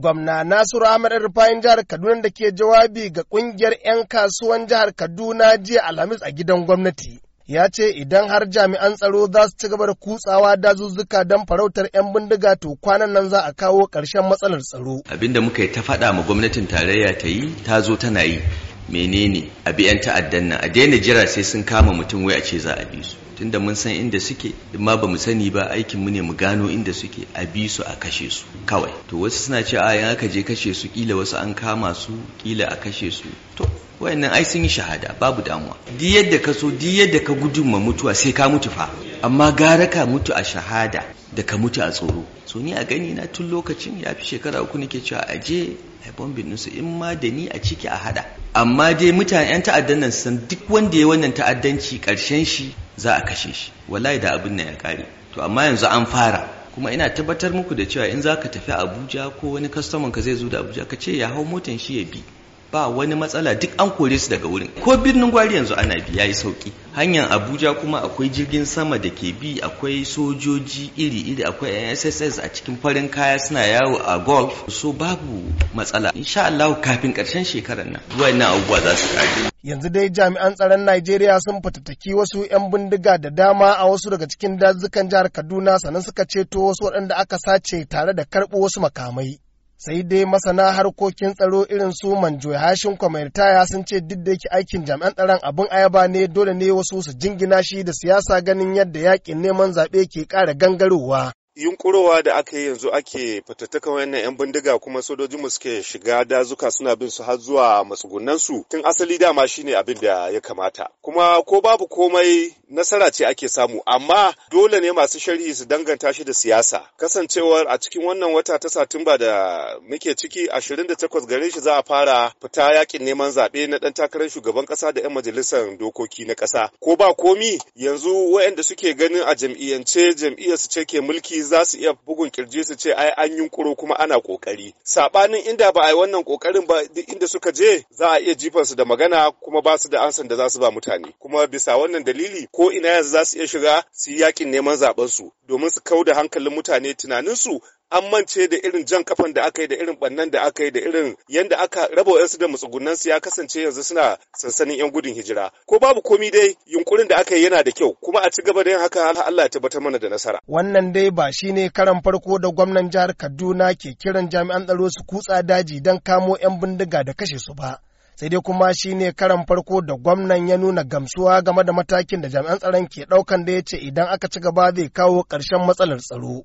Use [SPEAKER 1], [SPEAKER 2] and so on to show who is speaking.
[SPEAKER 1] Gwamna Nasiru Ahmed Rufayin jihar Kaduna da ke jawabi ga kungiyar 'yan kasuwan jihar Kaduna jiya Alhamis a gidan gwamnati. ya ce idan har jami'an tsaro za su ci gaba da kutsawa dazuzzuka don farautar 'yan bindiga to kwanan nan za a kawo ƙarshen matsalar tsaro.
[SPEAKER 2] Abin da muka yi ta faɗa ma gwamnatin tarayya ta yi ta zo tana yi menene a bi 'yan ta'addan nan a daina jira sai sun kama mutum wai a ce za a bi su tunda mun san inda suke ma bamu sani ba aikin mu ne mu gano inda suke a bi su a kashe su kawai to wasu suna ce a yan aka je kashe su kila wasu an kama su kila a kashe su to wayannan ai sun yi shahada babu damuwa di yadda ka so di yadda ka gudun ma mutuwa sai ka mutu fa amma gara ka mutu a shahada da ka mutu a tsoro so ni a gani na tun lokacin ya fi shekara uku nake cewa aje a bombin nusu in ma da ni a ciki a hada amma dai mutane 'yan ta'addan nan san duk wanda ya wannan ta'addanci karshen shi za a kashe shi wallahi da abin nan ya kare to amma yanzu an fara kuma ina tabbatar muku da cewa in za ka tafi abuja ko wani kastoman ka zai zo da abuja ka ce ya hau motan shi ya bi ba wani matsala duk an kore su daga wurin ko birnin gwari yanzu ana bi yayi sauki hanyar abuja kuma akwai jirgin sama da ke bi akwai sojoji iri-iri akwai nsss a cikin farin kaya suna yawo a golf so babu matsala insha Allah kafin karshen shekarar nan wayannan abubuwa za su kare yanzu
[SPEAKER 1] dai jami'an tsaron Najeriya sun fatattaki wasu 'yan bindiga da dama a wasu daga cikin dazukan jihar Kaduna sannan suka ceto wasu waɗanda aka sace tare da karɓo wasu makamai sai dai masana harkokin tsaro irin su manjoy hashin kwamitaya sun ce duk da yake aikin jami'an tsaron abin ayaba ne dole ne wasu su jingina shi da siyasa ganin yadda yakin neman zaɓe ke ƙara gangarowa
[SPEAKER 3] yunkurowa da aka yi yanzu ake fatattakan wannan 'yan bindiga kuma sojojinmu suke shiga dazuka suna bin su har zuwa su, tun asali dama shine abin da ya kamata kuma ko babu komai nasara ce ake samu amma dole ne masu sharhi su danganta shi da siyasa kasancewar a cikin wannan wata ta satumba da muke ciki 28 gare shi za a fara fita yakin neman zaɓe na ɗan takarar shugaban ƙasa da 'yan majalisar dokoki na ƙasa ko ba komi yanzu waɗanda suke ganin a jam'iyyance jam'iyyarsu su ce ke mulki za su iya bugun kirji su ce ai an yunkuro kuma ana kokari sabanin inda ba a yi wannan kokarin ba duk inda suka je za a iya jifan su da magana kuma ba su da ansan da za su ba mutane kuma bisa wannan dalili ko ina yanzu za su iya shiga su yi yakin neman zaben su domin su kau da hankalin mutane tunanin su an mance da irin jan kafan da aka yi da irin bannan da aka yi da irin yadda aka raba wayansu da matsugunan su ya kasance yanzu suna sansanin yan gudun hijira ko babu komi dai yunkurin da aka yi yana da kyau kuma a ci gaba da yin haka Allah ya tabbatar mana da nasara
[SPEAKER 1] wannan dai ba shine karan farko da gwamnan jihar Kaduna ke kiran jami'an tsaro su kutsa daji don kamo yan bindiga da kashe su ba sai dai kuma shine karan farko da gwamnan ya nuna gamsuwa game da matakin da jami'an tsaron ke ɗaukan da ya ce idan aka ci gaba zai kawo ƙarshen matsalar tsaro.